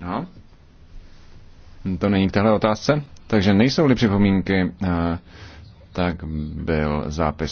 No. To není k téhle otázce. Takže nejsou-li připomínky, eh, tak byl zápis